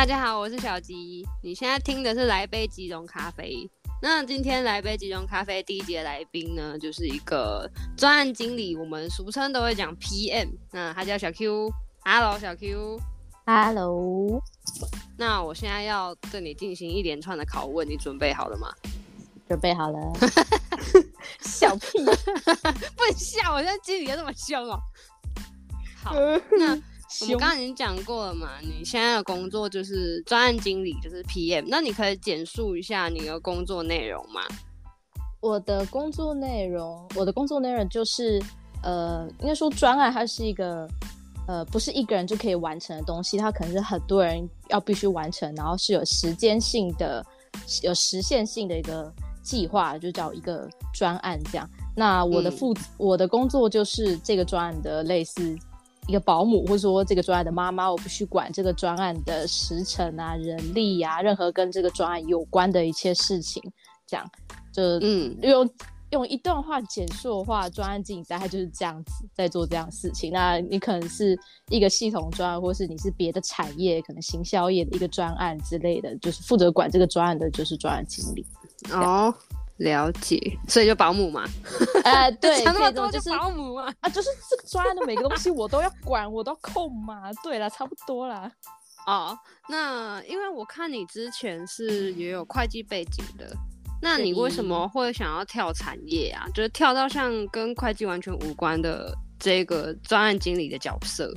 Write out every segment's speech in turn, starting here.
大家好，我是小吉。你現在聽的是《來杯即溶咖啡》。那今天《來杯即溶咖啡》第一集的來賓呢，就是一個專案經理，我們俗稱都會講 PM。那他叫小 Q。Hello，小 Q。Hello。那我現在要對你進行一連串的拷問，你準備好了嗎？準備好了。 小屁！ 不能笑，我現在經理來那麼凶哦。好， 那。我們剛剛已經講過了嘛，你現在的工作就是專案經理，就是 PM。那你可以簡述一下你的工作內容嗎？我的工作內容，我的工作內容就是，呃，應該說專案它是一個，呃，不是一個人就可以完成的東西，它可能是很多人要必須完成，然後是有時間性的、有實現性的一個計劃，就叫一個專案這樣。那我的負、嗯，我的工作就是這個專案的類似。一個保姆，或者說這個專案的媽媽，我不去管這個專案的時程啊、人力啊，任何跟這個專案有關的一切事情，講就嗯，用用一段話簡述的話，專案經理大概就是這樣子在做這樣事情。那你可能是一個系統專案，或是你是別的產業，可能行銷業的一個專案之類的，的就是負責管這個專案的，就是專案經理哦。了解，所以就保姆嘛？啊、 姆嘛呃，對，他 那麼多就是保姆啊啊，就是這個專案的每個東西我都要管，我都要控嘛。 對了，差不多啦。哦、oh,，那因為我看你之前是也有會計背景的，那你為什麼會想要跳產業啊？就是跳到像跟會計完全無關的這個專案經理的角色？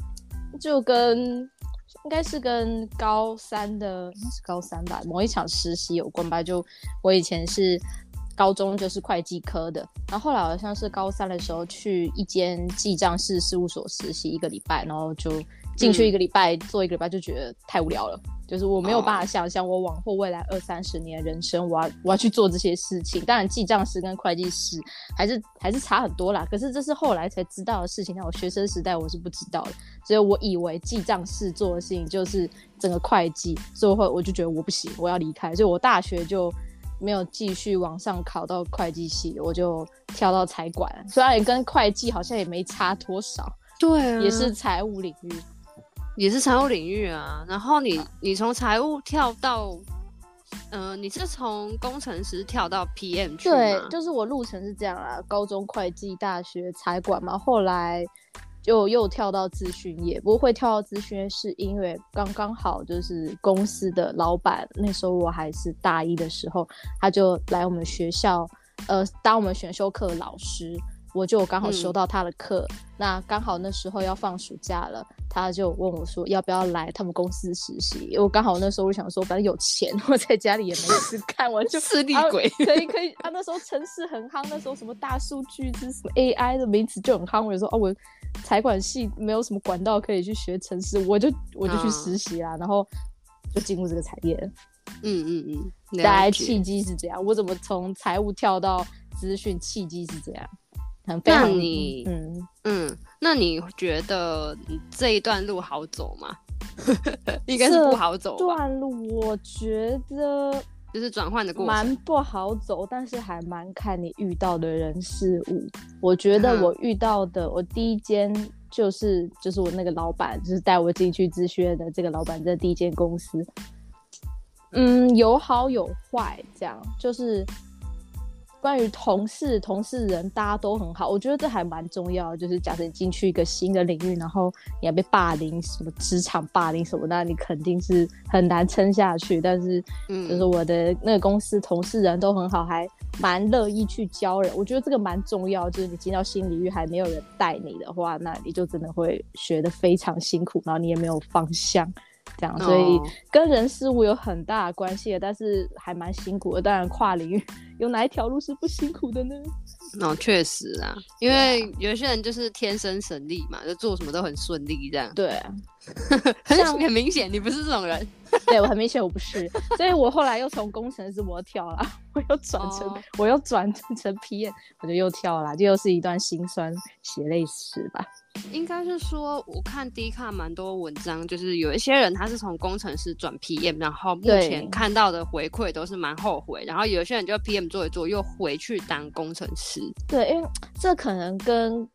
就跟應該是跟高三的是高三吧，某一場實習有關吧？就我以前是。高中就是會計科的，然後後來好像是高三的時候去一間記帳士事務所實習一個禮拜，然後就進去一個禮拜、嗯，做一個禮拜就覺得太無聊了，就是我沒有辦法想象我往後未來二三十年的人生，我要、oh. 我要去做這些事情。當然，記帳士跟會計師還是還是差很多啦。可是這是後來才知道的事情，那我學生時代我是不知道的，所以我以為記帳士做的事情就是整個會計，所以後來我就覺得我不行，我要離開，所以我大學就。沒有繼續往上考到會計系，我就跳到財管，雖然跟會計好像也沒差多少，對，啊，也是財務領域，也是財務領域啊。然後你，啊，你從財務跳到，嗯，呃，你是從工程師跳到 PM 去嗎？對，就是我路程是這樣啊，高中會計，大學財管嘛，後來。就又跳到資訊業，不過會跳到資訊業，是因為剛剛好就是公司的老闆，那時候我還是大一的時候，他就來我們學校，呃，當我們選修課老師。我就剛好收到他的課、嗯，那剛好那時候要放暑假了，他就問我說要不要來他們公司實習？因為剛好那時候就想說，反正有錢，我在家裡也沒事幹，我 就，看完就吃力鬼、啊。可以可以，他、 啊、那時候城市很夯，那時候什麼大數據這什麼 AI 的名詞，就很夯。我就說哦、啊，我財管系沒有什麼管道可以去學城市，我就我就去實習啦、嗯，然後就進入這個產業。嗯嗯嗯，來、嗯、契機是這樣，我怎麼從財務跳到資訊？契機是這樣。讓你嗯嗯，那你覺得這一段路好走嗎？ 應該是不好走。這段路我覺得就是轉換的過程，蠻不好走，但是還蠻看你遇到的人事物。我覺得我遇到的，嗯、我第一間就是就是我那個老闆，就是帶我進去諮詢的這個老闆，這個、第一間公司，嗯，有好有壞，這樣就是。關於同事，同事人大家都很好，我覺得這還蠻重要，就是假設你進去一個新的領域，然後你要被霸凌，什麼職場霸凌什麼，那你肯定是很難撐下去。但是，就是我的那個公司同事人都很好，還蠻樂意去教人。我覺得這個蠻重要，就是你進到新領域還沒有人帶你的話，那你就真的會學得非常辛苦，然後你也沒有方向。這樣，所以跟人事物有很大關係，哦，但是還蠻辛苦的。當然，跨領域有哪一條路是不辛苦的呢？那，哦，確實啊，因為有些人就是天生神力嘛，就做什麼都很順利這樣。對啊。 很 很明顯，你不是這種人對。對 我很明顯我不是，所以我後來又從工程師，我又跳了，我又轉成、oh. 我又轉成 PM，我就又跳了，就又是一段心酸血淚史吧。應該是說，我看 D 卡蠻多文章，就是有一些人他是從工程師轉 PM，然後目前看到的回饋都是蠻後悔，然後有些人就 PM 做一做，又回去當工程師。對，因、欸、為這可能跟。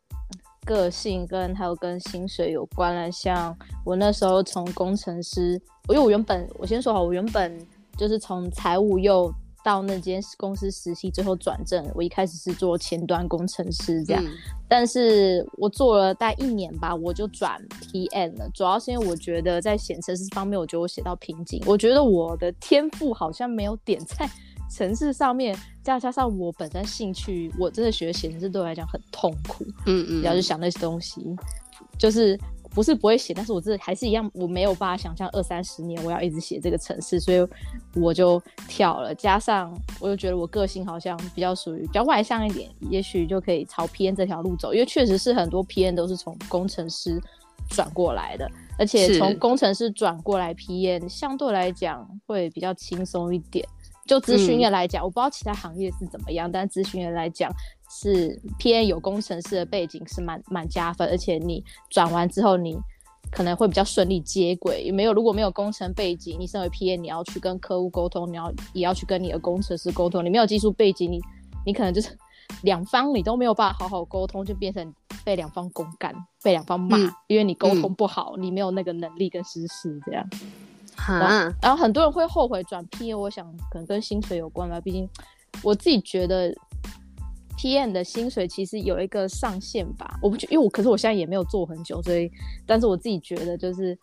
個性跟還有跟薪水有關了，像我那時候從工程師，因為我原本，我先說好，我原本就是從財務又到那間公司實習，最後轉正。我一開始是做前端工程師這樣，嗯、但是我做了大一年吧，我就轉 PM 了。主要是因為我覺得在寫程式方面，我覺得我寫到瓶頸，我覺得我的天賦好像沒有點在。程式上面，再加上我本身興趣，我真的學寫程式對我來講很痛苦。嗯嗯，然後就想那些東西，就是不是不會寫，但是我這還是一樣，我沒有辦法想象，二三十年我要一直寫這個程式，所以我就跳了。加上我又覺得我個性好像比較屬於比較外向一點，也許就可以朝 PM 這條路走，因為確實是很多 PM 都是從工程師轉過來的，而且從工程師轉過來 PM 相對來講會比較輕鬆一點。就諮詢業來講、嗯，我不知道其他行業是怎麼樣，但諮詢業來講是 p PM 有工程師的背景是蠻蠻加分，而且你轉完之後，你可能會比較順利接軌。沒有如果沒有工程背景，你身為 PM 你要去跟客戶溝通，你要也要去跟你的工程師溝通，你沒有技術背景，你你可能就是兩方你都沒有辦法好好溝通，就變成被兩方公幹，被兩方罵、嗯，因為你溝通不好、嗯，你沒有那個能力跟實施這樣。然後，然後很多人會後悔轉 PM，我想可能跟薪水有關吧。畢竟我自己覺得 PM 的薪水其實有一個上限吧。我不覺，因為我可是我現在也沒有做很久，所以但是我自己覺得就是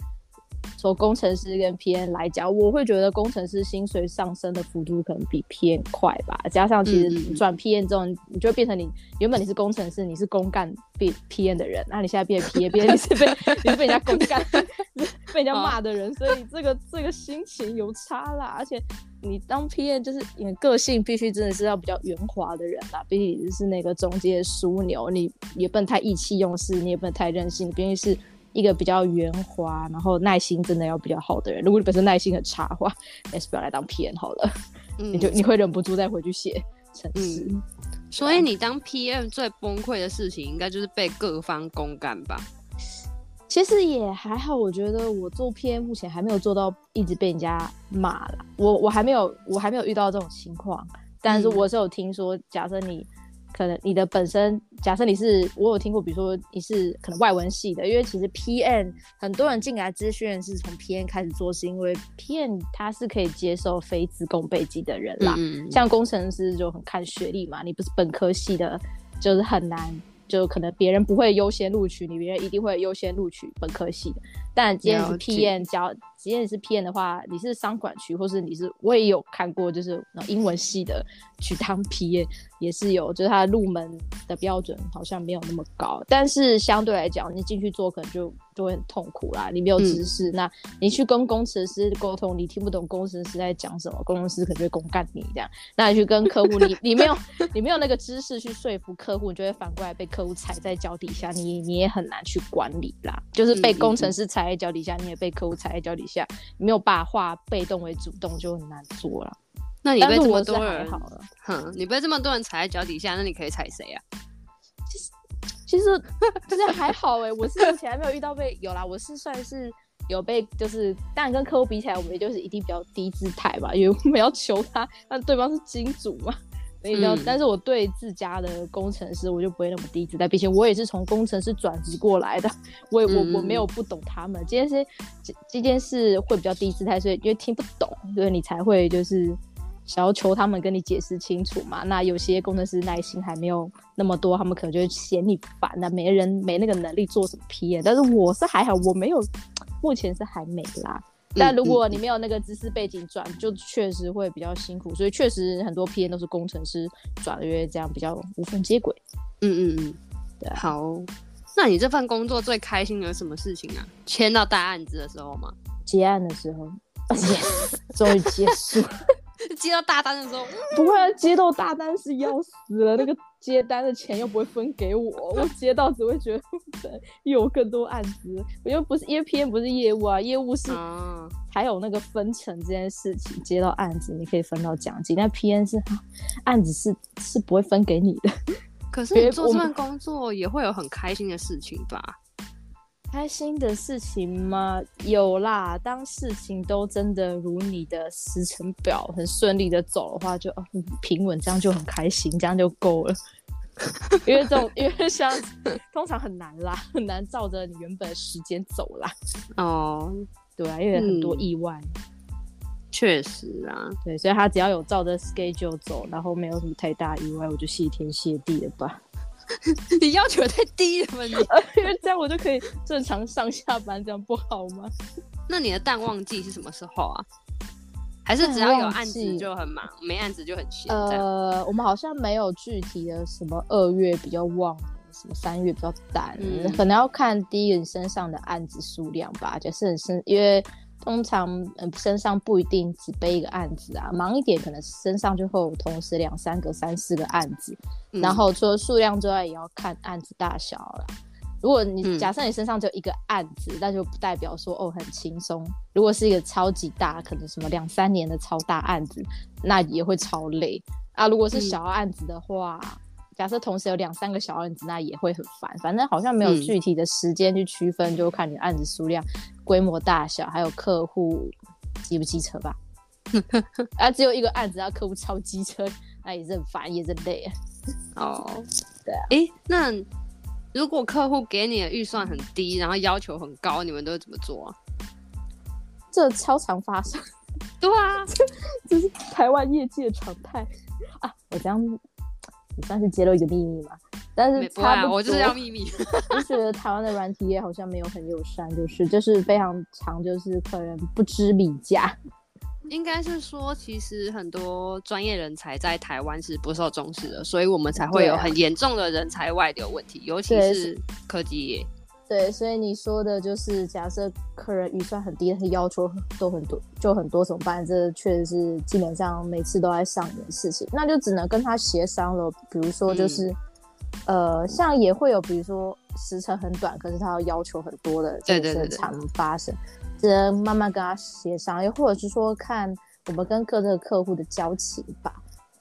從工程師跟 PM 來講，我會覺得工程師薪水上升的幅度可能比 PM 快吧。加上其實轉 PM 之後，你就會變成你、嗯、原本你是工程師，你是公幹被 PM 的人，那、啊、你現在變 PM，變你是被你是被人家公幹。 被人家罵的人，oh. 所以這個 這個心情有差啦。而且你當 PM，就是你的個性必須真的是要比較圓滑的人啦，畢竟你是那個中介樞紐，你也不能太意氣用事，你也不能太任性，畢竟是一個比較圓滑，然後耐心真的要比較好的人。如果你本身耐心很差的話，你還是不要來當 PM 好了。嗯，你就你會忍不住再回去寫程式。所以你當 PM 最崩潰的事情，應該就是被各方公幹吧。其實也還好，我覺得我做 PM 目前還沒有做到一直被人家罵了，我我還沒有我還沒有遇到這種情況，但是我是有聽說假設，假設你可能你的本身，假設你是我有聽過，比如說你是可能外文系的，因為其實 PM 很多人進來資訊是從 PM 開始做，是因為 PM 它是可以接受非資工背景的人啦、嗯，像工程師就很看學歷嘛，你不是本科系的，就是很難。就可能別人不會優先錄取你，別人一定會優先錄取本科系的。但即便是 PM 交，即便是 PM 的話，你是商管區，或是你是我也有看過，就是英文系的去當 PM 也是有，就是他入門的標準好像沒有那麼高，但是相對來講，你進去做可能就就會很痛苦啦。你沒有知識，嗯、那你去跟工程師溝通，你聽不懂工程師在講什麼，工程師可能就會攻幹你這樣。那你去跟客戶，你你沒有 你沒有那個知識去說服客戶，你就會反過來被客戶踩在腳底下，你你也很難去管理啦，嗯、就是被工程師踩、嗯。嗯踩在腳底下，你也被客戶踩在腳底下，你沒有辦法化被動為主動就很難做了。那你被這麼多人是是好了、嗯，你被這麼多人踩在腳底下，那你可以踩誰呀、啊？其實其實其實還好哎、欸，我是以前還沒有遇到被 有啦，我是算是有被就是，但跟客戶比起來，我們也就是一定比較低姿態吧，因為我們要求他，那對方是金主嘛。嗯、但是我對自家的工程師，我就不會那麼低姿態。畢竟我也是從工程師轉職過來的，我也我我沒有不懂他們。今天是這件事這，這件事會比較低姿態，所以因為聽不懂，所以你才會就是想要求他們跟你解釋清楚嘛。那有些工程師耐心還沒有那麼多，他們可能就嫌你煩啊，沒人沒那個能力做什麼 PM。但是我是還好，我沒有，目前是還沒啦。但如果你沒有那個知識背景轉、嗯嗯，就確實會比較辛苦。所以確實很多 PM 都是工程師轉，因為這樣比較無縫接軌。嗯嗯嗯，好。那你這份工作最開心的是什麼事情啊？簽到大案子的時候嗎？結案的時候，終、yes, 於 結束。 接到大單的時候，不會接到大單是要死了， 那個接單的錢又不會分給我，我接到只會覺得 有更多案子。因為不是，因為 PM 不是業務啊，業務是還有那個分成這件事情，接到案子你可以分到獎金，但 PM 是，案子是是不會分給你的。可是做這份工作也會有很開心的事情吧？開心的事情嗎？有啦，當事情都真的如你的時程表很順利的走的話，就很平穩，這樣就很開心，這樣就夠了。 因為這種因為像通常很難啦，很難照着你原本的時間走啦。哦，對啊，因為很多意外。嗯，確實啊，對，所以他只要有照着 schedule 走，然後沒有什麼太大意外，我就謝天謝地了吧。 你要求太低了，你 因為這樣我就可以正常上下班，這樣不好嗎？ 那你的淡旺季是什麼時候啊？還是只要有案子就很忙，沒案子就很閒？呃，我們好像沒有具體的什麼二月比較旺，什麼三月比較淡。嗯，可能要看第一人身上的案子數量吧，就是很深，因為。通常，嗯，身上不一定只背一個案子啊，忙一點可能身上就會有同時兩三個、三四個案子。嗯、然後除了數量之外，也要看案子大小啦。如果你假設你身上只有一個案子，嗯、那就不代表說哦很輕鬆。如果是一個超級大，可能什麼兩三年的超大案子，那也會超累啊。如果是小案子的話。嗯假設同時有兩三個小案子，那也會很煩。反正好像沒有具體的時間去區分、嗯，就看你案子數量、規模大小，還有客戶機不機車吧。 啊，只有一個案子，要客戶超機車，那也是很煩，也是很累。哦， 對啊。誒、欸，那如果客戶給你的預算很低，然後要求很高，你們都會怎麼做、啊？這超常發生，對啊， 這是台灣業界的常態啊。我這樣。算是揭露一個祕密嘛，但是不，不是、啊，我就是要祕密。我 覺得台灣的軟體業好像沒有很友善，就是就是非常常，就是客人不知底價。應該是說，其實很多專業人才在台灣是不受重視的，所以我們才會有很嚴重的人才外流問題，啊、尤其是科技業。對，所以你說的就是，假設客人預算很低，他要求都很多，就很多怎麼辦？這確實是基本上每次都在上演的事情。那就只能跟他協商了。比如說，就是、嗯、呃，像也會有，比如說時辰很短，可是他要要求很多的，對對對，常發生，只能慢慢跟他協商，又或者是說看我們跟各個客戶的交情吧。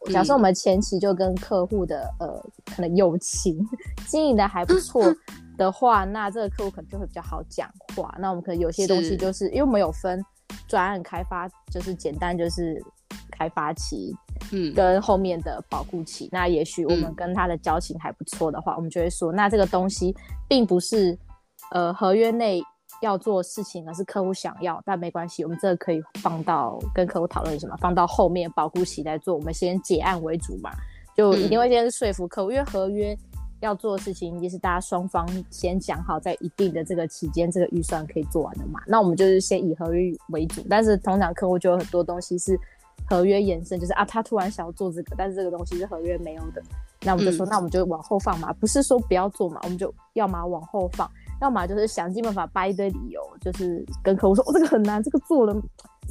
嗯、假設我們前期就跟客戶的呃可能友情經營的還不錯。呵呵的話，那這個客戶可能就會比較好講話。那我們可能有些東西，就是，是因為我們有分專案開發，就是簡單就是開發期，嗯，跟後面的保護期，嗯。那也許我們跟他的交情還不錯的話，嗯，我們就會說，那這個東西並不是呃合約內要做事情，而是客戶想要。但沒關係，我們這個可以放到跟客戶討論什麼，放到後面保護期來做。我們先結案為主嘛，就一定會先是說服客戶，嗯，因為合約。要做的事情，一定是大家雙方先講好，在一定的這個期間，這個預算可以做完的嘛？那我們就是先以合約為主，但是通常客戶就有很多東西是合約延伸，就是啊，他突然想要做這個，但是這個東西是合約沒有的，那我們就說，那我們就往後放嘛，嗯、不是說不要做嘛，我們就要麼往後放，要麼就是想盡辦法掰一堆理由，就是跟客戶說，哦，這個很難，這個做了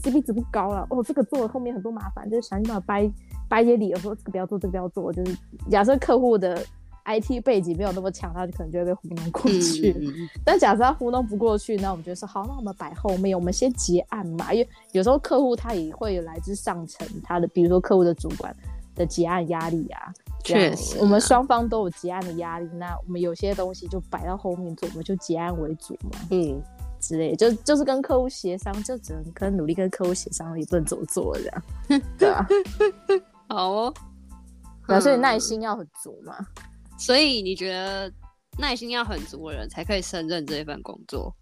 CP 值不高了。哦，這個做了後面很多麻煩，就是想盡辦法掰掰一些理由，說這個不要做，這個不要做，就是假設客戶的。IT 背景沒有那麼強，他就可能就會被糊弄過去。嗯、但假設他糊弄不過去，那我們就說，好，那我們擺後面，我們先結案嘛。因為有時候客戶他也會有來自上層他的，比如說客戶的主管的結案壓力啊。確實、啊，我們雙方都有結案的壓力。那我們有些東西就擺到後面做，我們就結案為主嘛。嗯，之類就就是跟客戶協商，就只能跟努力跟客戶協商，也不能怎麼做這樣，對啊， 好，哦。然後所以你耐心要很足嘛。所以你覺得耐心要很足的人才可以勝任這一份工作，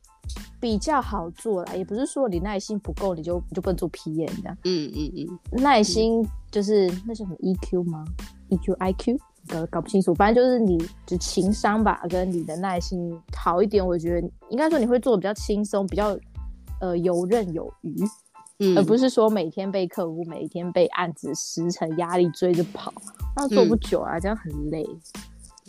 比較好做啦。也不是說你耐心不夠，你就你就不能做 PM 這樣。嗯嗯嗯，耐心就是、嗯、那是什麼 E Q 嗎？E Q I Q 搞搞不清楚，反正就是你就情商吧，跟你的耐心好一點，我覺得應該說你會做比較輕鬆，比較呃游刃有餘、嗯，而不是說每天被客戶、每天被案子時程壓力追着跑，那做不久啊、嗯，這樣很累。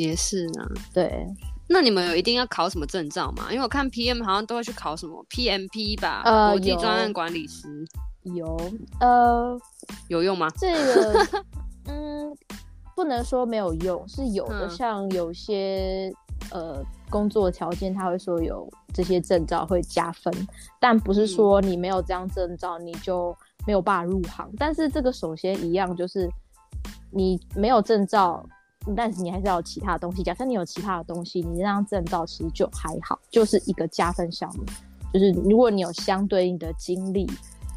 也是呢，對。那你們有一定要考什麼證照嗎？因為我看 PM 好像都會去考什麼 PMP 吧，呃，國際專案管理師有，有，呃，有用嗎？這個， 嗯，不能說沒有用，是有的。嗯、像有些呃工作條件，他會說有這些證照會加分，但不是說你沒有這樣證照、嗯、你就沒有辦法入行。但是這個首先一樣就是你沒有證照。但是你還是要有其他的東西。假設你有其他的東西，你那張證照其實就還好，就是一個加分項目。就是如果你有相對應的經歷，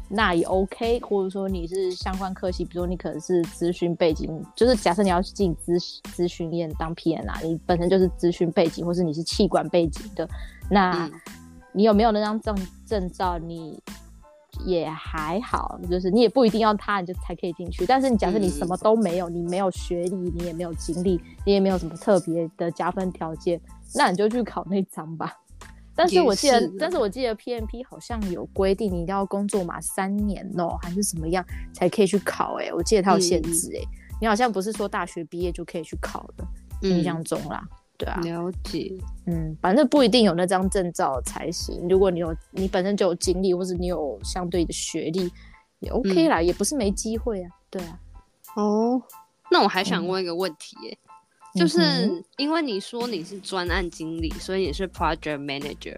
那也 OK。或者說你是相關科系，比如說你可能是諮詢背景，就是假設你要進諮諮詢業當 PM 啊，你本身就是諮詢背景，或是你是器官背景的，那你有沒有那張證證照？你？也還好，就是你也不一定要他，你就才可以進去。但是你假設你什麼都沒有，嗯、你沒有學歷，你也沒有經歷，你也沒有什麼特別的加分條件，那你就去考那張吧。但是我記得，但是我記得 PMP 好像有規定，你一定要工作滿三年哦，還是怎麼樣才可以去考、欸？哎，我記得它有限制、欸，哎、嗯，你好像不是說大學畢業就可以去考的，印象中啦。嗯對啊，了解。嗯，反正不一定有那張證照才行。如果你有，你本身就有經歷，或是你有相對的學歷，也 OK 啦、嗯，也不是沒機會啊。對啊。哦，那我還想問一個問題耶，耶、嗯，就是因為你說你是專案經理、嗯，所以你是 project manager。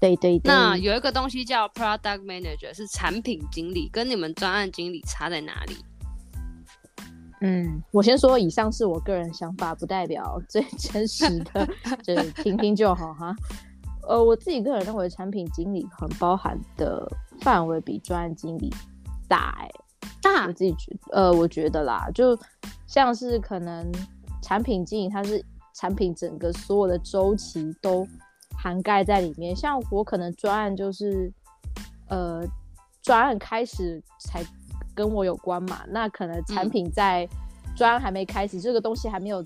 對對，對對。那有一個東西叫 product manager，是產品經理，跟你們專案經理差在哪裡？嗯，我先說，以上是我個人想法，不代表最真實的， 就聽聽就好哈。呃，我自己個人認為，產品經理很包含的範圍比專案經理大哎、欸，大、啊。我自己覺得，呃，我覺得啦，就像是可能產品經理，他是產品整個所有的周期都涵蓋在裡面，像我可能專案就是，呃，專案開始才。跟我有關嘛，那可能產品在專案還沒開始，嗯，這個東西還沒有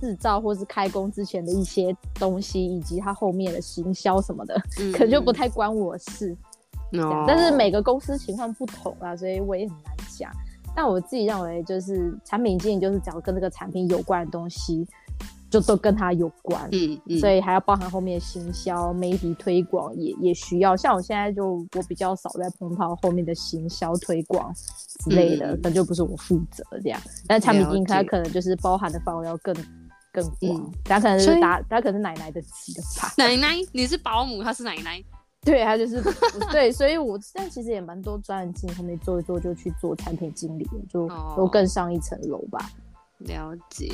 制造或是開工之前的一些東西，以及它後面的行銷什麼的，嗯，可能就不太關我事。嗯，但是每個公司情況不同啊，所以我也很難講。但我自己認為，就是產品經理就是講跟這個產品有關的東西。就都跟他有關，嗯嗯，所以還要包含後面的行銷、媒體推廣，也也需要。像我現在就我比較少在碰到後面的行銷推廣之類的，那、嗯、就不是我負責這樣。但產品經理他可能就是包含的範圍要更更廣、嗯，他可能是他可能奶奶的，的奶奶，你是保姆，他是奶奶，對，他就是 對，所以我現在其實也蠻多專案經理，後面做一做，就去做產品經理，就都更上一層樓吧、哦。了解。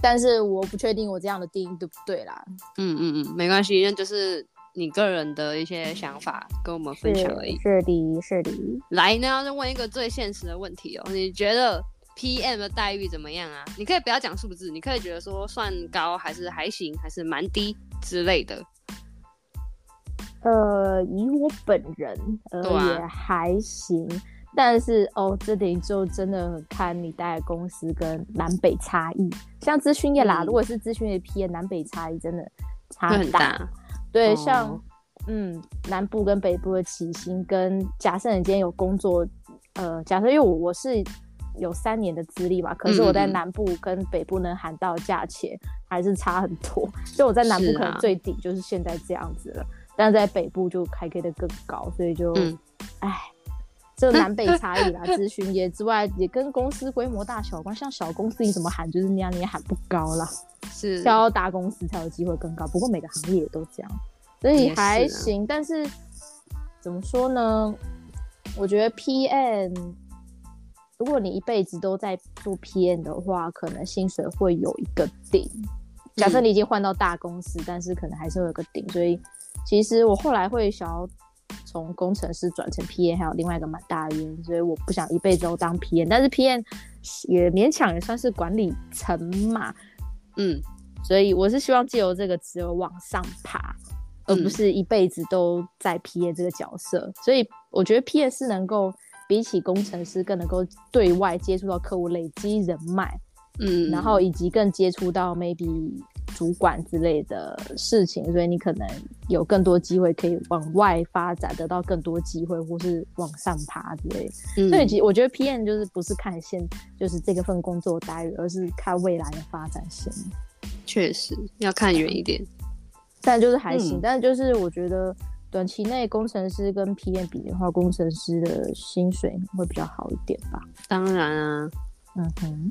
但是我不確定我這樣的定義對不對啦。嗯嗯嗯，沒關係，那就是你個人的一些想法跟我們分享而已。是的，是的。來呢，就問一個最現實的問題哦、喔，你覺得 PM 的待遇怎麼樣啊？你可以不要講數字，你可以覺得說算高還是還行，還是蠻低之類的。呃，以我本人而言對、啊、也還行。但是哦，這點就真的很看你待的公司跟南北差異，像資訊業啦，嗯，如果是資訊業 PM，南北差異真的差很大。很大對，哦，像嗯，南部跟北部的起薪跟假設你今天有工作，呃，假設，因為我我是有三年的資歷嘛，可是我在南部跟北部能喊到的價錢還是差很多。嗯、 就我在南部可能最頂就是現在這樣子了，是啊，但是在北部就開給的更高，所以就哎。嗯 這個南北差異啦，諮詢也之外也跟公司規模大小關。像小公司，你怎麼喊就是那樣，你也喊不高啦，是，挑大公司才有機會更高。不過每個行業也都這樣，所以還行。是啊、但是怎麼說呢？我覺得 PM，如果你一輩子都在做 PM 的話，可能薪水會有一個頂、嗯。假設你已經換到大公司，但是可能還是會有一個頂。所以其實我後來會想要。從工程師轉成 P A 還有另外一個蠻大原因，所以我不想一輩子都當 P A，但是 P A 也勉強也算是管理層嘛，嗯，所以我是希望借由這個只有往上爬，而不是一輩子都在 P A 這個角色、嗯。所以我覺得 P A 是能夠比起工程師更能夠對外接觸到客戶，累積人脈，嗯，然後以及更接觸到 maybe。主管之類的事情，所以你可能有更多機會可以往外發展，得到更多機會，或是往上爬之類、嗯。所以其實我覺得 PM 就是不是看現，就是這個份工作待遇，而是看未來的發展性。確實要看遠一點、嗯，但就是還行、嗯。但就是我覺得短期內工程師跟 PM 比的話，工程師的薪水會比較好一點吧？當然啊，嗯哼。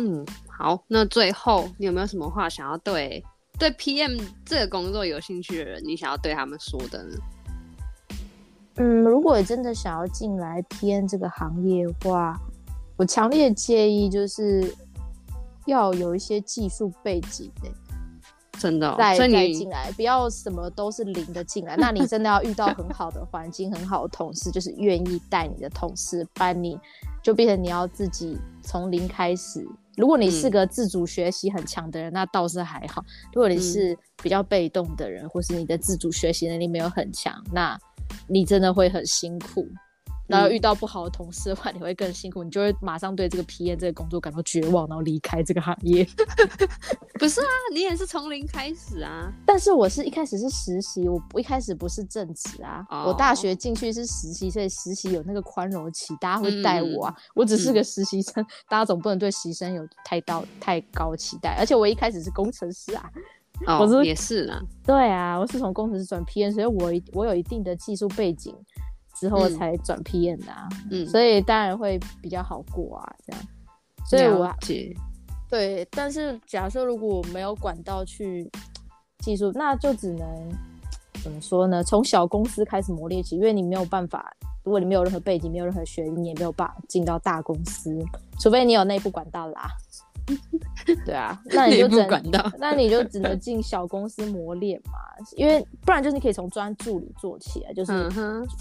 嗯，好，那最後你有沒有什麼話想要對對 PM 這個工作有興趣的人，你想要對他們說的呢？嗯，如果真的想要進來 PM 這個行業的話，我強烈建議就是要有一些技術背景的、欸，真的、哦，所以你進來不要什麼都是零的進來，那你真的要遇到很好的環境、 很好的同事，就是願意帶你的同事，幫你，就變成你要自己從零開始。如果你是個自主學習很強的人，嗯，那倒是還好；如果你是比較被動的人，嗯，或是你的自主學習能力沒有很強，那你真的會很辛苦。然後遇到不好的同事的話、嗯，你會更辛苦，你就會馬上對這個 PM 這個工作感到絕望，然後離開這個行業。 不是啊，你也是從零開始啊。但是，我是一開始是實習，我一開始不是正職啊、哦。我大學進去是實習，所以實習有那個寬容期，大家會帶我啊。嗯，我只是個實習生，嗯，大家總不能對實習生有太到太高期待。而且我一開始是工程師啊。哦，我是也是呢。對啊，我是從工程師轉 PM，所以我我有一定的技術背景。之後才轉 PM 的啊、嗯，所以當然會比較好過啊，這樣、嗯。所以我，對，但是假設如果沒有管道去技術，那就只能怎麼說呢？從小公司開始磨練起，因為你沒有辦法，如果你沒有任何背景，沒有任何學歷，你也沒有辦法進到大公司，除非你有內部管道啦、啊。 對啊，那你就只能你 那你就只能進小公司磨練嘛，因為不然就是你可以從專案助理做起來，就是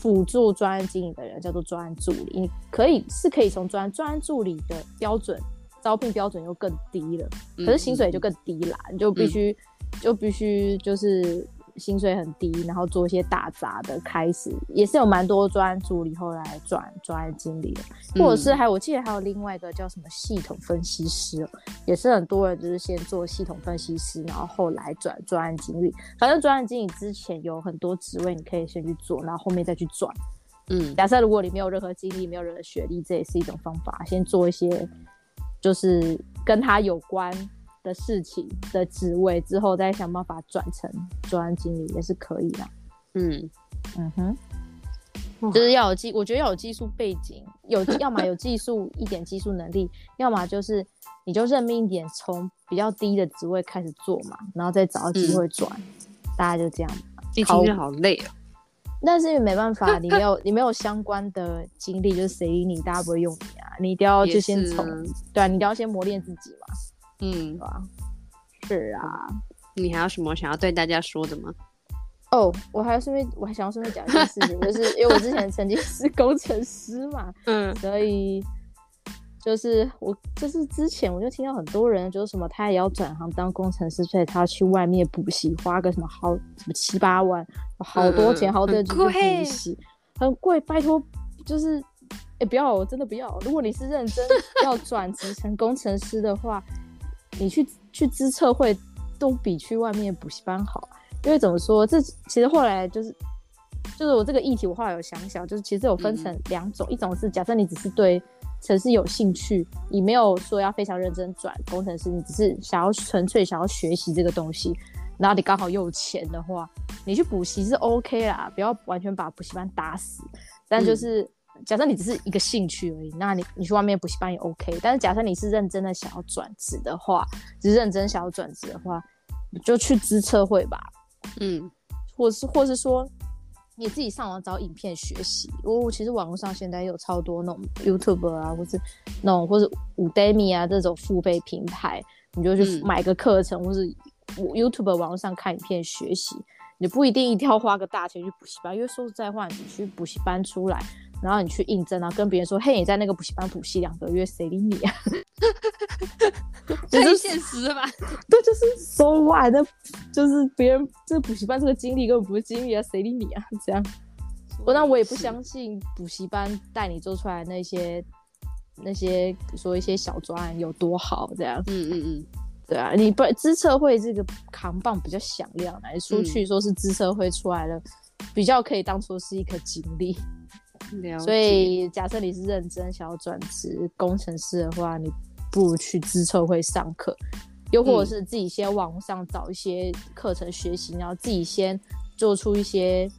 輔助專案經營的人叫做專案助理，你可以是可以從專專案助理的標準招聘標準又更低了，可是薪水也就更低啦，嗯嗯，你就必須、嗯、就必須就是。薪水很低，然後做一些打雜的，開始也是有蠻多專案助理，後來轉專案經理的。嗯、或者是還有我記得還有另外一個叫什麼系統分析師，也是很多人就是先做系統分析師，然後後來轉專案經理。反正專案經理之前有很多職位，你可以先去做，然後後面再去轉。嗯，假設如果你沒有任何經歷，沒有任何學歷，這也是一種方法，先做一些就是跟他有關。的事情的職位之後，再想辦法轉成專案經理也是可以的。嗯嗯哼，就是要有技，我覺得要有技術背景，有要麼有技術 一點技術能力，要麼就是你就認命一點，從比較低的職位開始做嘛，然後再找機會轉。大家就這樣，好累啊，哦！但是沒辦法，你沒有你沒有相關的經歷，就是誰 你大家不會用你啊，你一定要就先從對、啊、你一定要先磨練自己嘛。嗯是，是啊，你還有什麼想要對大家說的嗎？哦、oh,，我還順便我還想要順便講一件事情， 就是因為我之前曾經是工程師嘛， 嗯，所以就是我就是之前我就聽到很多人就是什麼他也要轉行當工程師，所以他要去外面補習，花個什麼好什麼七八萬，好多錢，嗯、好多錢，很貴、就是，拜託，就是哎、欸、不要，我真的不要，如果你是認真 要轉職成，成工程師的話。你去去資策會，都比去外面補習班好，因為怎麼說，這其實後來就是，就是我這個議題，我後來有想想，就是其實有分成兩種、嗯，一種是假設你只是對程式有興趣，你沒有說要非常認真轉工程師，你只是想要純粹想要學習這個東西，然後你剛好又有錢的話，你去補習是 OK 啦，不要完全把補習班打死，但就是。嗯假設你只是一個興趣而已，那你你去外面補習班也 OK。但是假設你是認真的想要轉職的話，只是認真想要轉職的話，你就去資策會吧，嗯，或是或是說你自己上網找影片學習。我其實網絡上現在有超多那種 YouTuber 啊，或是那種或者 Udemy 啊這種付費平台，你就去買個課程，嗯，或是 YouTuber 網絡上看影片學習。你不一定一定要花個大錢去補習班，因為說實在話，你去補習班出來。然後你去應徵啊，然後跟別人說：“ 嘿，你在那個補習班補習兩個月，誰理你？”啊？這 就是太現實了吧？ 對，就是 so what 那就是別人這補習班這個經歷根本不是經歷啊，誰理你啊？這樣，我、啊哦、那我也不相信補習班帶你做出來那些 那些比如說一些小專案有多好，這樣。嗯嗯嗯。對啊，你不資策會這個扛棒比較響亮，來出去說是資策會出來了，嗯，比較可以當做是一個經歷。所以，假設你是認真想要轉職工程師的話，你不如去資策會上課，又或者是自己先網上找一些課程學習，然後自己先做出一些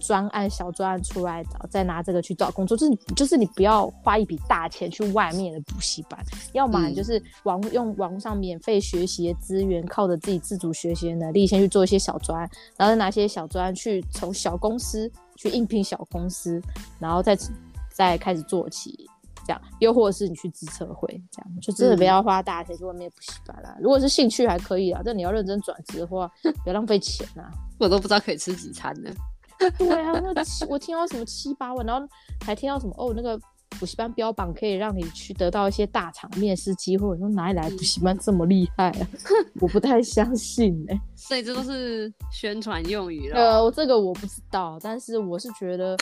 專案小專案出來，再拿這個去找工作。就是你，就是你不要花一筆大錢去外面的補習班，要麼就是網用網上免費學習的資源，靠着自己自主學習的能力，先去做一些小專案，然後再拿一些小專案去從小公司。去應聘小公司，然後再再開始做起，這樣；又或者是你去支車會，這樣就真的不要花大錢、嗯、去外面補習班啦。如果是興趣還可以啊，但你要認真轉職的話，別浪費錢吶。 我都不知道可以吃幾餐呢。 對啊，那我聽到什麼七八萬，然後還聽到什麼哦那個。補習班標榜可以讓你去得到一些大廠面試機會，我說哪裡來補習班這麼厲害啊？ 我不太相信呢、欸，所以這都是宣傳用語了。呃，我這個我不知道，但是我是覺得，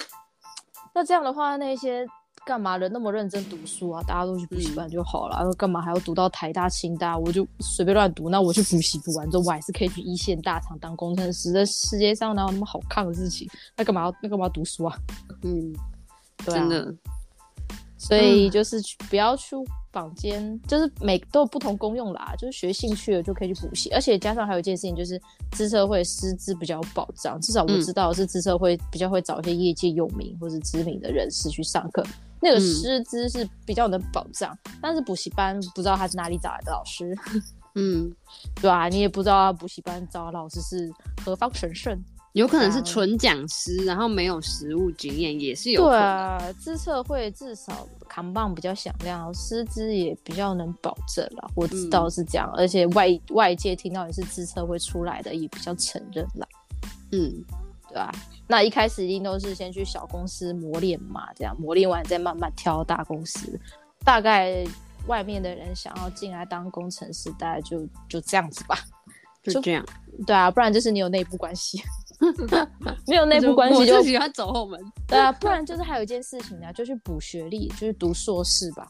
那這樣的話，那些幹嘛人那麼認真讀書啊？大家都去補習班就好了、嗯，然後幹嘛還要讀到台大、清大？我就隨便亂讀。那我去補習補完之後，我還是可以去一線大廠當工程師。這世界上哪有那麼好看的事情？那幹嘛要？那幹嘛要讀書啊？嗯，對啊、真的。所以就是去不要去坊間，就是每都有不同功用啦。就是學興趣的就可以去補習，而且加上還有一件事情就是資策會師資比較有保障，至少我知道是資策會比較會找一些業界有名或是知名的人士去上課、嗯，那個師資是比較能保障。但是補習班不知道他是哪裡找來的老師，嗯， 對啊，你也不知道補習班找的老師是何方神聖。有可能是純講師、嗯，然後沒有實務經驗，也是有對啊。資策會至少扛棒比較響亮，師資也比較能保證了。我知道是這樣，嗯、而且外外界聽到也是資策會出來的，也比較承認了。嗯，對啊。那一開始一定都是先去小公司磨練嘛，這樣磨練完再慢慢挑大公司。大概外面的人想要進來當工程師，大概就就這樣子吧，就這樣。對啊，不然就是你有內部關係。 沒有內部關係就，我就喜歡走後門。對 啊，不然就是還有一件事情呢、啊，就去補學歷，就是讀碩士吧。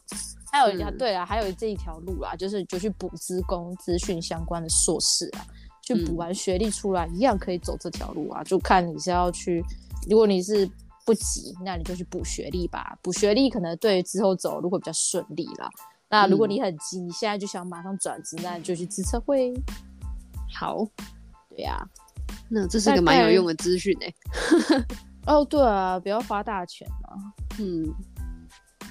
還有條、嗯，對啊，還有這一條路啊，就是就去補資工資訊相關的碩士啊，去補完學歷出來、嗯、一樣可以走這條路啊。就看你是要去，如果你是不急，那你就去補學歷吧。補學歷可能對於之後走路會比較順利了。那如果你很急，你現在就想馬上轉職，那你就去職測會、嗯。好，對呀、啊。那這是個蠻有用的資訊呢。 哦，對啊，不要花大錢嘛。嗯，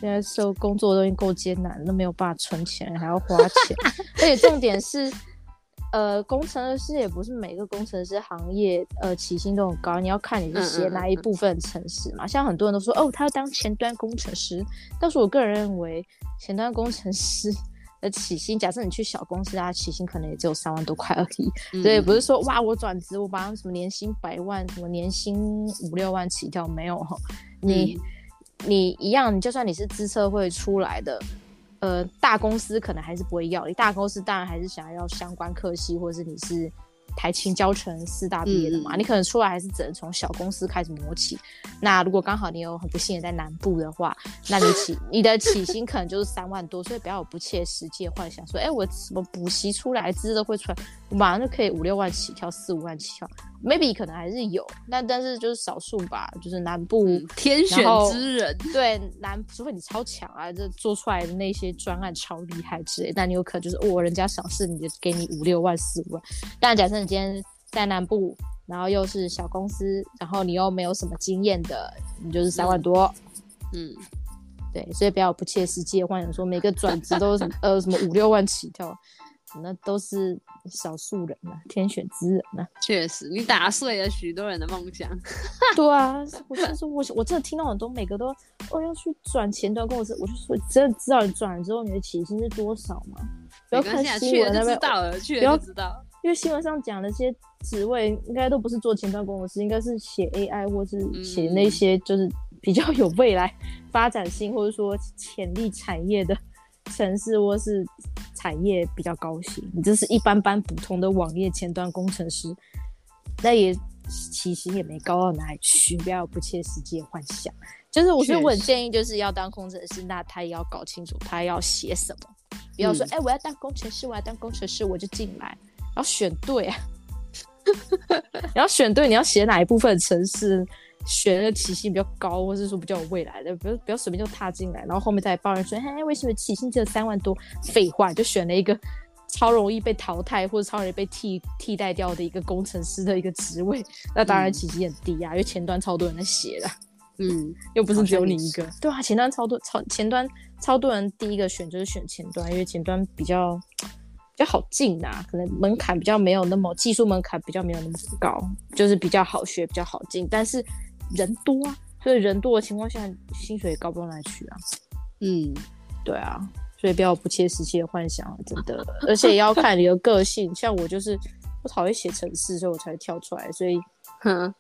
現在收工作都已經夠艱難，都沒有辦法存錢，還要花錢。 而且重點是，呃，工程師也不是每個工程師行業，呃，起薪都很高，你要看你是寫哪一部分城市嘛，嗯、嗯、嗯、嗯。像很多人都說哦，他要當前端工程師，但是我個人認為前端工程師。呃，起薪假設你去小公司啊，起薪可能也只有三萬多塊而已。所、嗯、以不是說哇，我轉職我把什麼年薪百萬，什麼年薪五六萬起跳沒有。你、嗯、你一樣，就算你是資策會出來的，呃，大公司可能還是不會要你。大公司當然還是想要相關科系，或者是你是。台清交成四大畢業的嘛，嗯，你可能出來還是只能從小公司開始磨起。那如果剛好你有很不幸也在南部的話，那你起 你的起薪可能就是三萬多，所以不要有不切實際的幻想說，哎，欸，我什麼補習出來資都會出來，我馬上就可以五六萬起跳，四五萬起跳。maybe 可能還是有，但但是就是少數吧，就是南部天選之人，對南，除非你超強啊，這做出來的那些專案超厲害之類的，那你有可能就是哦，人家賞識你，就給你五六萬、四五萬。但假設你今天在南部，然後又是小公司，然後你又沒有什麼經驗的，你就是三萬多。嗯，嗯，對，所以不要不切實際的幻想說每個轉職都是 呃什麼五六萬起跳。那都是少數人了，啊，天選之人了啊。確實，你打碎了許多人的夢想。 對啊，我是說我，我真的聽到很多，每個都，哦要去轉前端工程師，我就說，真的知道你轉了之後你的起薪是多少嗎？不要，啊，看新聞了去，不要知道，知道，因為新聞上講的這些職位應該都不是做前端工程師，應該是寫 AI 或是寫那些就是比較有未來發展性或者說潛力產業的城市，或是。產業比較高薪，你這是一般般普通的網頁前端工程師，那也起薪也沒高到哪裡去，不要不切實際的幻想。就是我覺得我很建議就是要當工程師，那他也要搞清楚他要寫什麼。不要說哎、嗯欸，我要當工程師，我要當工程師，我就進來，然後選對、啊，啊， 你要選對，你要寫哪一部分程式。選的起薪比較高，或者說比較有未來的，不要不要隨便就踏進來，然後後面再抱怨說：“哎，為什麼起薪只有三萬多？”廢話，就選了一個超容易被淘汰或者超容易被替替代掉的一個工程師的一個職位，那當然起薪很低啊、嗯，因為前端超多人在寫的，嗯，又不是只有你一個，對啊，前端超多超前端超多人第一個選就是選前端，因為前端比較比較好進吶、啊，可能門檻比較沒有那麼技術門檻比較沒有那麼高，就是比較好學比較好進，但是。人多啊，所以人多的情況下，薪水也高不到哪去啊。嗯，對啊，所以不要不切實際的幻想，真的、啊。而且也要看你的個，個性， 像我就是我討厭寫程式，所以我才跳出來。所以，哼，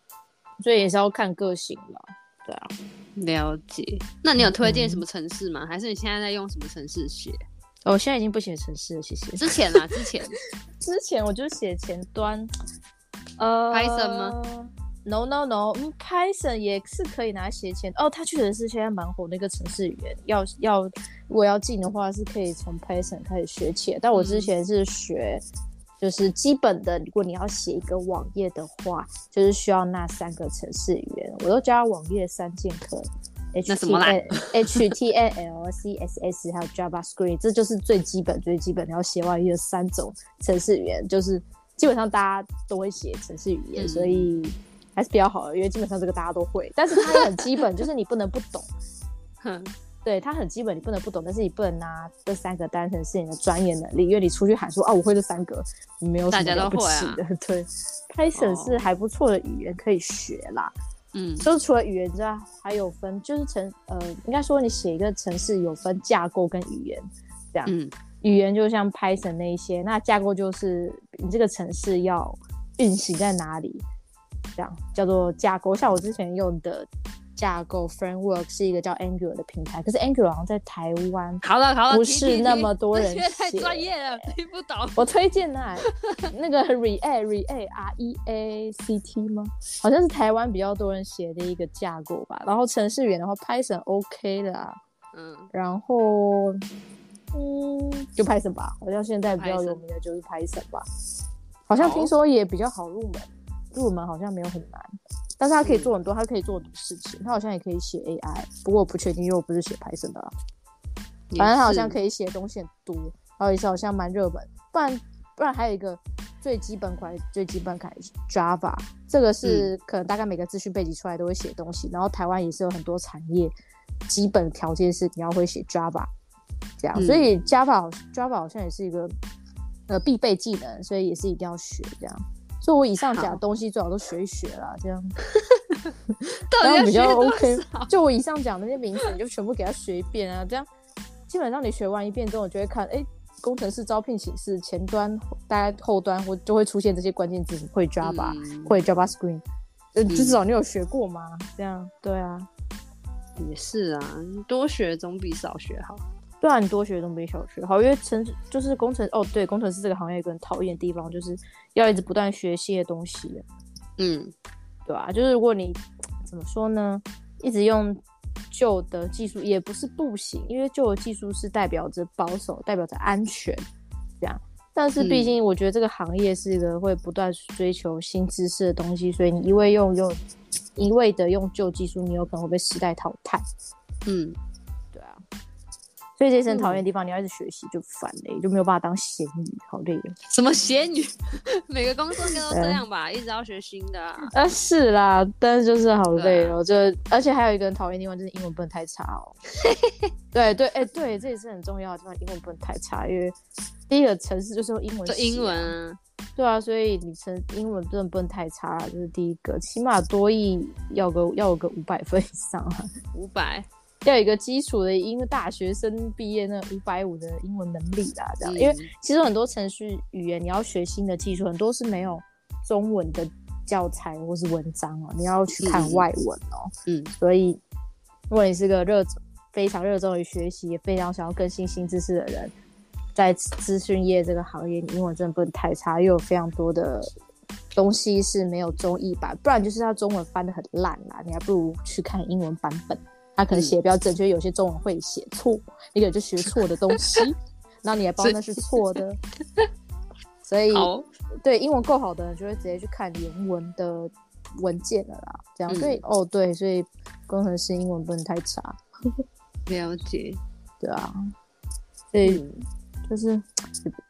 所以也是要看個性了。對啊，了解。那你有推薦什麼程式嗎、嗯？還是你現在在用什麼程式寫？我現在已經不寫程式了。謝謝。之前啊，之前， 之前我就寫前端，呃，拍什麼？No no no，Python 也是可以拿寫錢哦。它、oh, 確實是現在蠻火那個程式語言。要要如果要進的話，是可以從 Python 開始學起。但我之前是學就是基本的，如果你要寫一個網頁的話，就是需要那三個程式語言。我都叫網頁三劍客：HTML、HTML、CSS，還有 JavaScript，這就是最基本最基本的要寫網頁的三種程式語言。就是基本上大家都會寫程式語言，嗯、所以。還是比較好的，因為基本上這個大家都會。但是它很基本，就是你不能不懂。哼， 對，它很基本，你不能不懂。但是你不能拿這三個當成是你的專業能力，因為你出去喊說啊，我會這三個，沒有什麼了不起的。大家都會啊、對，Python 是還不錯的語言，oh。可以學啦。嗯，就是除了語言之外，還有分，就是程呃，應該說你寫一個程式有分架構跟語言這樣、嗯。語言就像 Python 那一些，那架構就是你這個程式要運行在哪裡。這樣叫做架構，像我之前用的架構 framework 是一個叫 Angular 的平台，可是 Angular 好像在台灣。好了好了，不是那麼多人寫、欸。提提提太專業了，聽不懂。我推薦那 那個 React，React，R E A C T 嗎？好像是台灣比較多人寫的一個架構吧。然後程式員的話，Python OK 的，嗯。然後，嗯，就 Python 吧。好像現在比較有名的就是 Python 吧。好像聽說也比較好入門。入門好像沒有很難，但是他可以做很多，他可以做的事情，他好像也可以寫 AI，不過我不確定，因為我不是寫 Python 的，啊。反正他好像可以寫東西很多，然後也是好像蠻熱門。不然不然還有一個最基本款，最基本款 Java，這個是可能大概每個資訊背景出來都會寫東西，嗯。然後台灣也是有很多產業，基本條件是你要會寫 Java，這樣，嗯，所以 Java Java 好像也是一個呃必備技能，所以也是一定要學這樣。所以，我以上講的東西最好都學一學啦，這樣。然 後比較 OK。就我以上講的那些名詞，你就全部給他學一遍啊，這樣。基本上你學完一遍之後，你就會看，哎、欸，工程師招聘啟事，前端大概後端或就會出現這些關鍵字，會 Java，、嗯、會 Java Screen。呃，嗯、就至少你有學過嗎？這樣。對啊。也是啊，多學總比少學好。雖然多學都沒少學，好，因為程就是工程哦，對，工程師這個行業有個很討厭的地方，就是要一直不斷學新的東西。嗯，對啊，就是如果你怎麼說呢，一直用舊的技術也不是不行，因為舊的技術是代表着保守，代表着安全，這樣。但是畢竟我覺得這個行業是一個會不斷追求新知識的東西，所以你一味用用一味的用舊技術，你有可能會被時代淘汰。嗯。所以這些人討厭的地方，你要一直學習就煩嘞、欸，就沒有辦法當鹹魚，好累、喔。什麼鹹魚？ 每個公司應該都這樣吧，一直要學新的。啊，是啦，但是就是好累哦、喔，就而且還有一個人討厭地方就是英文不能太差哦、喔。 對對，哎、欸、對，這也是很重要的地方，英文不能太差，因為第一個程式就是用英文。英文。啊。對啊，所以你成英文真的不能太差，就是第一個，起碼多益要有個要有個五百分以上啊。五百。要有一個基礎的，因為大學生畢業那五百五的英文能力啦、啊，這樣。因為其實很多程序語言，你要學新的技術，很多是沒有中文的教材或是文章哦、喔，你要去看外文哦。嗯。所以，如果你是個熱，非常熱衷於學習，也非常想要更新新知識的人，在資訊業這個行業，你英文真的不能太差，又有非常多的東西是沒有中譯版，不然就是他中文翻得很爛啦，你還不如去看英文版本。他可能寫比較準確、嗯，有些中文會寫錯，你可能就學錯的東西， 那你也幫那是錯的是，所以對英文夠好的人就會直接去看原文的文件了啦，這樣，對、嗯、哦對，所以工程師英文不能太差， 了解，對啊，所以、嗯、就是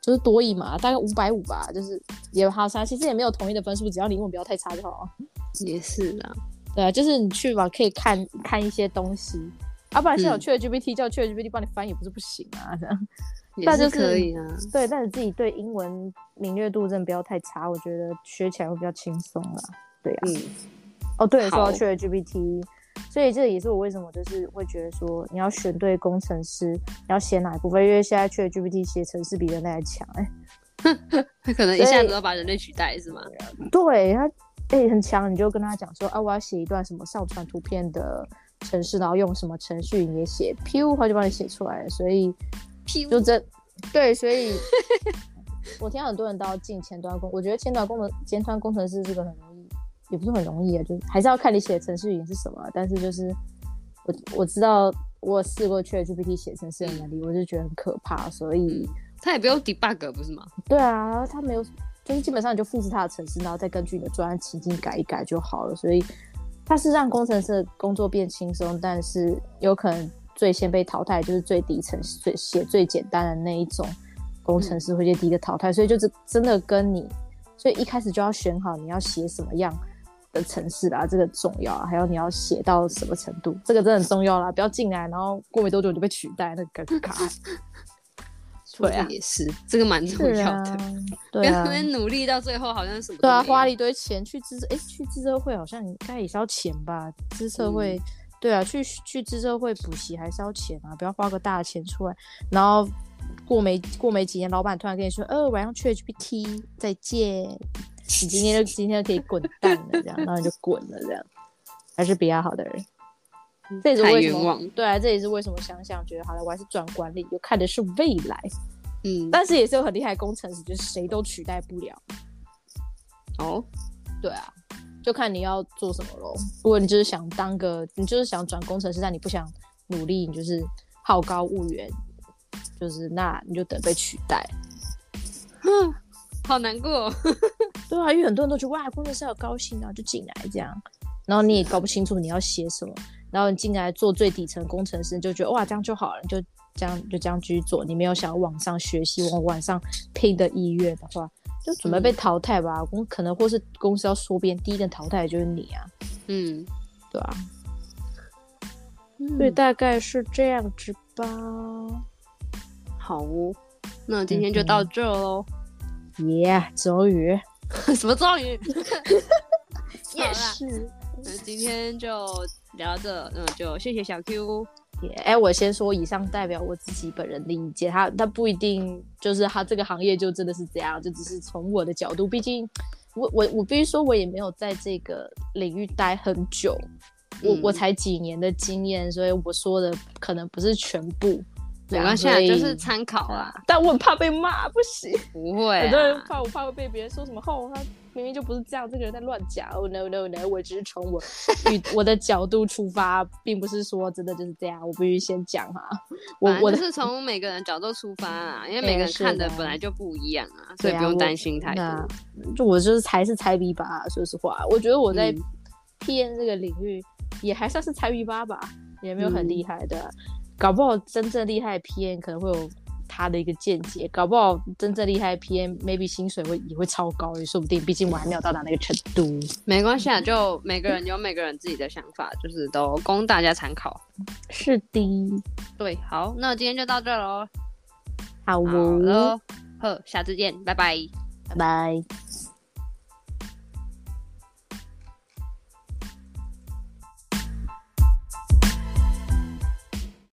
就是多益嘛，大概五百五吧，就是也好沙，其實也沒有統一的分數，只要你英文不要太差就好也是啊。對啊，就是你去吧，可以看看一些東西。啊，不然現在，有 ChatGPT，、嗯、叫 ChatGPT 幫你翻也不是不行啊，這樣。也是可以啊就啊、是。對，但是自己對英文敏銳度，真的不要太差，我覺得學起來會比較輕鬆啊。對啊，嗯。哦，對，說要 ChatGPT，所以這也是我為什麼就是會覺得說你要選對工程師，你要寫哪一部分，因為現在 ChatGPT 寫程式比人類還強，欸，哎，他可能一下子要把人類取代是嗎？對、啊、對他誒、欸，很強！你就跟他講說啊，我要寫一段什麼上傳圖片的程式，然後用什麼程式語言寫，P U 好就幫你寫出來了。所以 P U 就這， 對，所以 我聽到很多人都要進前端工，我覺得前端工程、前端工程師這個很容易，也不是很容易啊，就還是要看你寫程式語言是什麼。但是就是我我知道，我試過去 G P T 寫程式的能力，我就覺得很可怕。所以、嗯、他也不用 debug，不是嗎？對啊，他沒有。就是基本上你就複製他的程式，然後再根據你的專案情境改一改就好了。所以它是讓工程師的工作變輕鬆，但是有可能最先被淘汰就是最底層、最寫最簡單的那一種工程師會去第一個淘汰。嗯、所以就是真的跟你，所以一開始就要選好你要寫什麼樣的程式啦，這個重要啊。還有你要寫到什麼程度，這個真的很重要啦。不要進來，然後過沒多久你就被取代，那尷、個、尬。 對啊，這個、也是這個蠻重要的。啊對啊，因為努力到最後好像什麼？對啊，花了一堆錢去資哎去資策會，好像應該也是要錢吧？資策會、嗯，對啊，去去資策會補習還是要錢啊！不要花個大的錢出來，然後過沒過沒幾年，老闆突然跟你說：“哦，晚上去 HPT，再見。”你今天就 今天就可以滾蛋了，這樣，然後你就滾了，這樣還是比較好的人。這也是為什麼對啊，這也是為什麼想想覺得，好了，我還是轉管理，又看的是未來，嗯，但是也是有很厲害的工程師，就是誰都取代不了。哦，對啊，就看你要做什麼嘍。如果你就是想當個，你就是想轉工程師，但你不想努力，你就是好高騖遠，就是那你就得被取代。好難過哦。 對啊，因為很多人都覺得哇，工程師好高興啊，就進來這樣，然後你也搞不清楚你要寫什麼。然後你進來做最底層工程師，就覺得哇，這樣就好了，就這樣就這樣去做。你沒有想要往上學習、往往上拼的意願的話，就準備被淘汰吧。可能或是公司要縮編，第一個淘汰的就是你啊。嗯，對啊。嗯、所以大概是這樣子吧。好、哦，那今天就到這嘍。耶、嗯，終、yeah, 於。 什麼終綜於？也 是、 yes。今天就聊到這，嗯，就謝謝小 Q。哎、yeah, 欸，我先說，以上代表我自己本人的理解，他，他不一定就是他這個行業就真的是這樣，就只是從我的角度，畢竟我我我必須說，我也沒有在這個領域待很久，嗯、我我才幾年的經驗，所以我說的可能不是全部。沒關係、啊，就是參考啊。但我很怕被罵，不行。不會、啊，很多人怕我怕會被別人說什麼？後、 哦、他明明就不是這樣， 這個人在亂講。哦 no no no！我只是從我 與我的角度出發，並不是說真的就是這樣。我必須先講哈、啊。我我是從每個人角度出發啊， 因為每個人看的本來就不一樣啊， 所，以樣啊啊，所以不用擔心太多。我就我就是才是菜逼吧，說實話，我覺得我在 PN 這個領域也還算是菜逼吧，吧，也沒有很厲害的。嗯。搞不好真正厲害的 PM 可能會有他的一個見解，搞不好真正厲害的 PM maybe 薪水會也會超高，也說不定。畢竟我還沒有到達那個程度。嗯、沒關係啊，就每個人 有每個人自己的想法，就是都供大家參考。是的，對，好，那我今天就到這嘍。好了，好嘍，呵，下次見，拜拜，拜拜。